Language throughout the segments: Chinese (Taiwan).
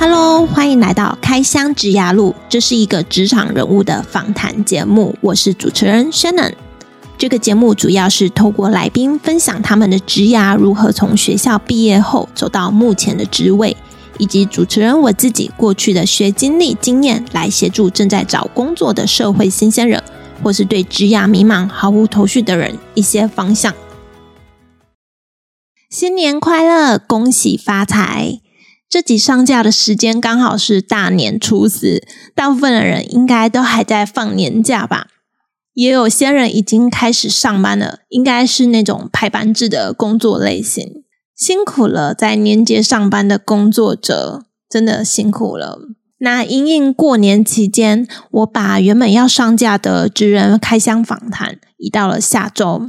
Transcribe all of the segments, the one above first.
Hello，歡迎來到開箱職涯路。這是一個職場人物的訪談節目，我是主持人 Shannon。這個節目主要是透過來賓分享他們的職涯如何從學校畢業後走到目前的職位，以及主持人我自己過去的學經歷經驗，來協助正在找工作的社會新鮮人，或是對職涯迷茫毫無頭緒的人一些方向。新年快樂，恭喜發財！這集上架的時間剛好是大年初四，大部分的人應該都還在放年假吧，也有些人已經開始上班了，應該是那種排班制的工作類型，辛苦了，在年節上班的工作者，真的辛苦了。那因應過年期間，我把原本要上架的職人開箱訪談移到了下周。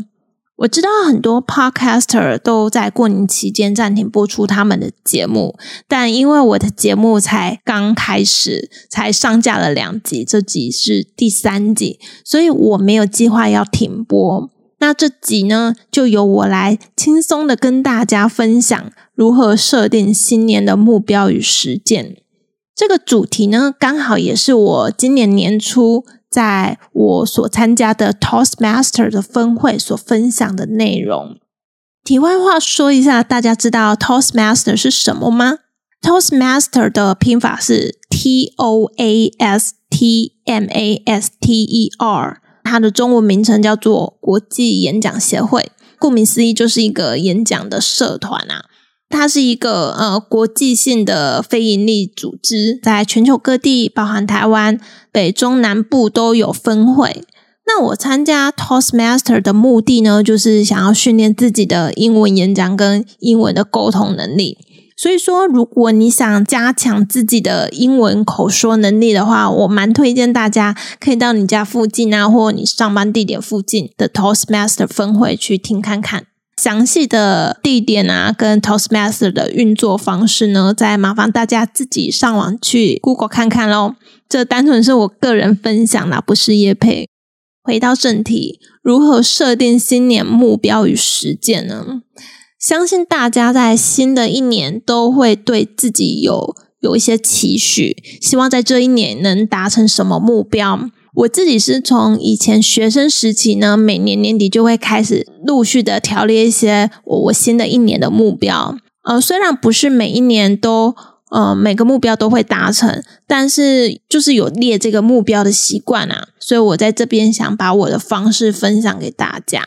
我知道很多 podcaster 都在過年期間暫停播出他們的節目，但因為我的節目才剛開始，才上架了兩集，這集是第三集，所以我沒有計劃要停播。那這集呢，就由我來輕鬆的跟大家分享如何設定新年的目標與實踐。這個主題呢，剛好也是我今年年初。在我所參加的 Toastmaster 的分會所分享的內容。題外話說一下，大家知道 Toastmaster 是什麼嗎？Toastmaster 的拼法是 T O A S T M A S T E R，它的中文名稱叫做國際演講協會。顧名思義，就是一個演講的社團啊。它是一個呃國際性的非營利組織，在全球各地，包含台灣、北中南部都有分會。那我參加 Toastmasters 的目的呢，就是想要訓練自己的英文演講跟英文的溝通能力。所以說，如果你想加強自己的英文口說能力的話，我蠻推薦大家可以到你家附近啊，或你上班地點附近的 Toastmasters 分會去聽看看。詳細的地點啊，跟 Toastmaster 的運作方式呢，再麻煩大家自己上網去 Google 看看咯。這單純是我個人分享啦，不是業配。回到正題，如何設定新年目標與實踐呢？相信大家在新的一年都會對自己有有一些期許，希望在這一年能達成什麼目標？我自己是從以前學生時期呢，每年年底就會開始陸續的條列一些我我新的一年的目標。呃，雖然不是每一年都呃每個目標都會達成，但是就是有列這個目標的習慣啊。所以我在這邊想把我的方式分享給大家。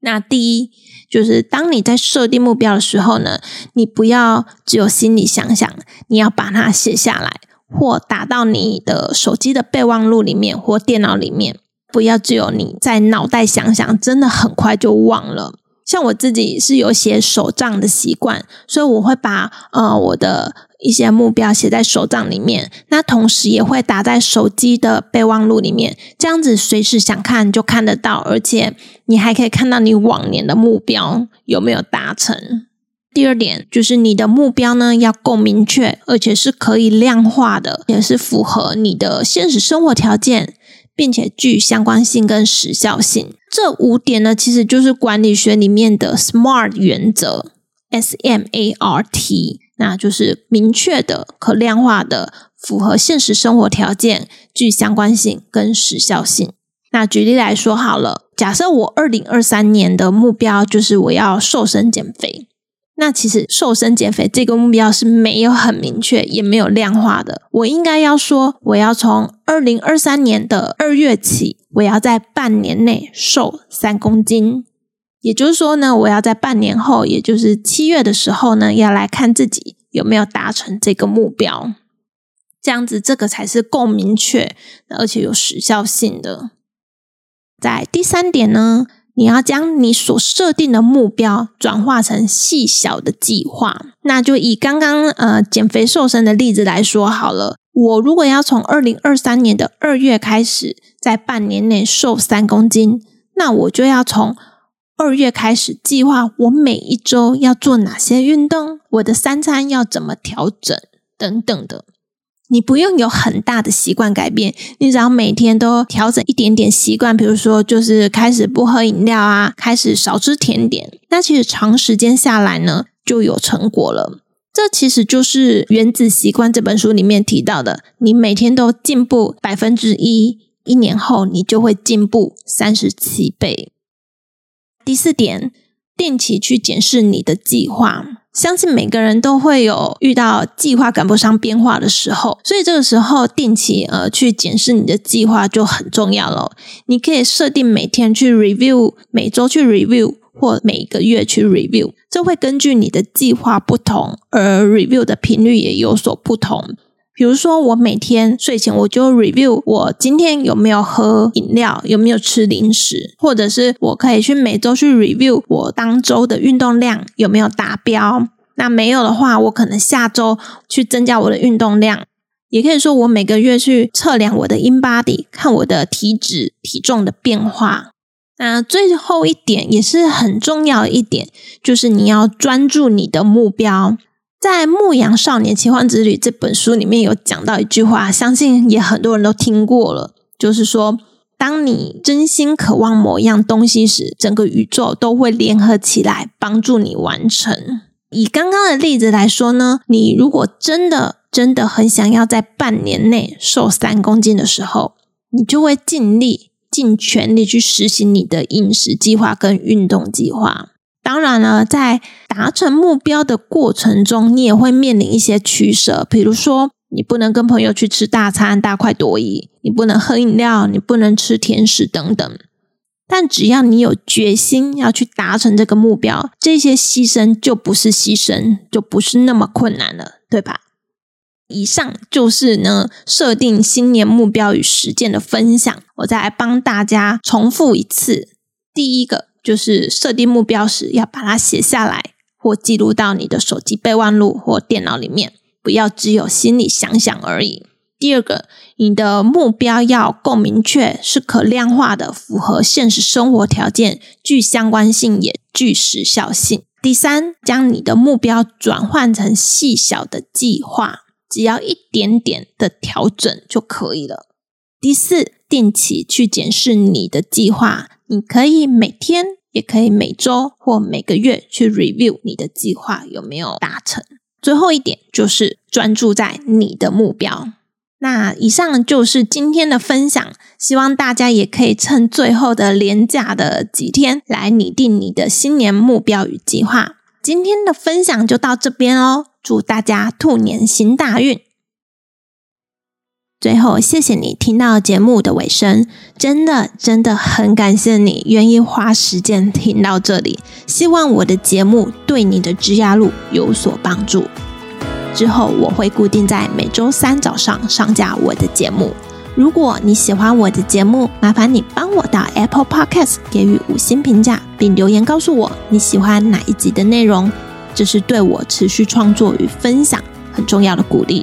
那第一就是當你在設定目標的時候呢，你不要只有心裡想想，你要把它寫下來。或打到你的手機的備忘錄裡面，或電腦裡面，不要只有你在腦袋想想，真的很快就忘了。像我自己是有寫手賬的習慣，所以我會把，呃，我的一些目標寫在手賬裡面，那同時也會打在手機的備忘錄裡面，這樣子隨時想看就看得到，而且你還可以看到你往年的目標有沒有達成。第二點就是你的目標呢，要夠明確，而且是可以量化的，也是符合你的現實生活條件，並且具相關性跟時效性。這五點呢其實就是管理學裡面的 SMART 原則，S M A R T，那就是明確的、可量化的、符合現實生活條件、具相關性跟時效性。那舉例來說好了，假設我二零二三年的目標就是我要瘦身減肥。那其實瘦身減肥這個目標是沒有很明確，也沒有量化的。我應該要說，我要從二零二三年的二月起，我要在半年內瘦三公斤。也就是說呢，我要在半年後，也就是七月的時候呢，要來看自己有沒有達成這個目標。這樣子，這個才是夠明確，而且有時效性的。在第三點呢。你要將你所設定的目標轉化成細小的計劃。那就以剛剛呃減肥瘦身的例子來說好了。我如果要從二零二三年的二月開始，在半年內瘦三公斤，那我就要從二月開始計劃，我每一周要做哪些運動，我的三餐要怎麼調整，等等的。你不用有很大的習慣改變，你只要每天都調整一點點習慣，比如說就是開始不喝飲料啊，開始少吃甜點，那其實長時間下來呢，就有成果了。這其實就是《原子習慣》這本書裡面提到的，你每天都進步百分之一，一年後你就會進步三十七倍。第四點。定期去檢視你的計劃，相信每個人都會有遇到計劃趕不上變化的時候，所以這個時候定期呃去檢視你的計劃就很重要咯。你可以設定每天去 review、每周去 review 或每個月去 review，這會根據你的計劃不同而 review 的頻率也有所不同。比如說，我每天睡前我就 review 我今天有沒有喝飲料，有沒有吃零食，或者是我可以去每周去 review 我當周的運動量有沒有達標。那沒有的話，我可能下周去增加我的運動量。也可以說，我每個月去測量我的 InBody，看我的體脂、體重的變化。那最後一點也是很重要的一點，就是你要專注你的目標。在《牧羊少年奇幻之旅》這本書裡面有講到一句話，相信也很多人都聽過了，就是說，當你真心渴望某樣東西時，整個宇宙都會聯合起來幫助你完成。以剛剛的例子來說呢，你如果真的真的很想要在半年內瘦三公斤的時候，你就會盡力、盡全力去實行你的飲食計劃跟運動計劃。當然了，在達成目標的過程中，你也會面臨一些取舍，比如說你不能跟朋友去吃大餐、大快朵頤，你不能喝飲料，你不能吃甜食等等。但只要你有決心要去達成這個目標，這些犧牲就不是犧牲，就不是那麼困難了，對吧？以上就是呢設定新年目標與實踐的分享，我再來幫大家重複一次，第一個。就是設定目標時，要把它寫下來或記錄到你的手機備忘錄或電腦裡面，不要只有心裡想想而已。第二個，你的目標要夠明確，是可量化的，符合現實生活條件，具相關性，也具時效性。第三，將你的目標轉換成細小的計劃，只要一點點的調整就可以了。第四，定期去檢視你的計劃。你可以每天，也可以每週或每個月去 review 你的計劃有沒有達成。最後一點就是專注在你的目標。那以上就是今天的分享，希望大家也可以趁最後的連假的幾天來擬定你的新年目標與計劃。今天的分享就到這邊哦，祝大家兔年行大運！最後，謝謝你聽到節目的尾聲，真的真的很感謝你願意花時間聽到這裡。希望我的節目對你的職涯路有所幫助。之後我會固定在每周三早上上架我的節目。如果你喜歡我的節目，麻煩你幫我到 Apple Podcast 給予五星評價，並留言告訴我你喜歡哪一集的內容。這是對我持續創作與分享很重要的鼓勵。